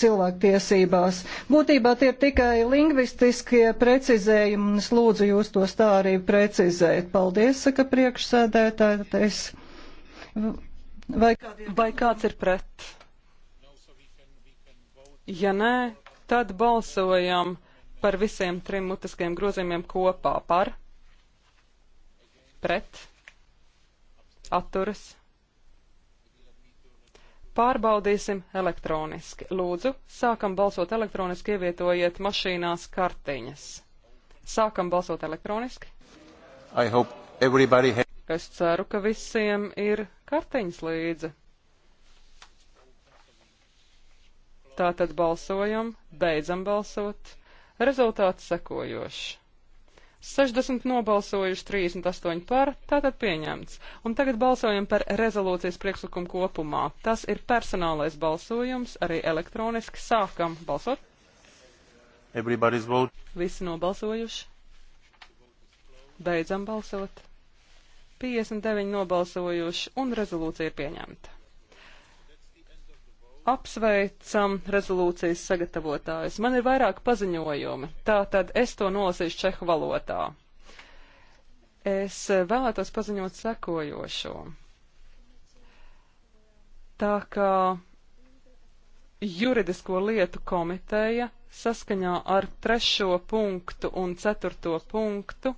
cilvēktiesībās. Būtībā tie ir tikai lingvistiskie precizējumi, un es lūdzu jūs tos tā arī precizēt. Paldies, saka priekšsēdētājs. Vai, vai kāds ir pret? Ja nē, tad balsojam par visiem trim mutiskiem grozījumiem kopā par, pret, atturas Pārbaudīsim elektroniski. Lūdzu, sākam balsot elektroniski, ievietojiet mašīnās kartiņas. Sākam balsot elektroniski. Es ceru, ka visiem ir kartiņas līdzi. Tātad balsojam, beidzam balsot. Rezultāts sekojošs. 60 nobalsojuši, 38 par, tātad pieņemts. Un tagad balsojam par rezolūcijas priekšlikumu kopumā. Tas ir personālais balsojums, arī elektroniski sākam balsot. Visi nobalsojuši. Beidzam balsot. 59 nobalsojuši un rezolūcija ir pieņemta apsveicam rezolūcijas sagatavotājus. Man ir vairāk paziņojumi, tā tad es to nolasīšu čehu valodā. Es vēlētos paziņot sekojošo. Tā kā juridisko lietu komiteja saskaņā ar trešo punktu un ceturto punktu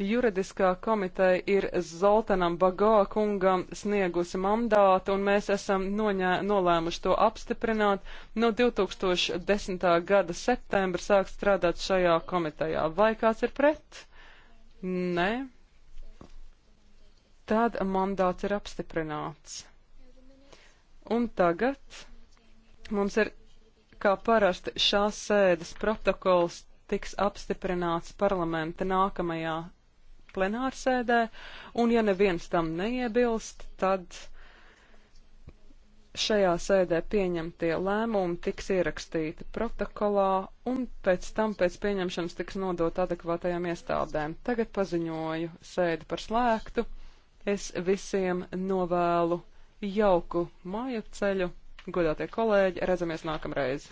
Juridiskā komiteja ir Zoltanam Bagā kungam sniegusi mandātu, un mēs esam noņē, nolēmuši to apstiprināt. No 2010. gada septembra sāk strādāt šajā komitejā. Vai kāds ir pret? Nē. Tad mandāts ir apstiprināts. Un tagad mums ir, kā parasti, šās sēdes protokols tiks apstiprināts parlamenta nākamajā plenārsēdē, un ja neviens tam neiebilst, tad šajā sēdē pieņemtie lēmumi tiks ierakstīti protokolā, un pēc tam pēc pieņemšanas tiks nodot adekvātajām iestādēm. Tagad paziņoju sēdi par slēgtu. Es visiem novēlu jauku māju ceļu, godātie kolēģi, redzamies nākamreiz!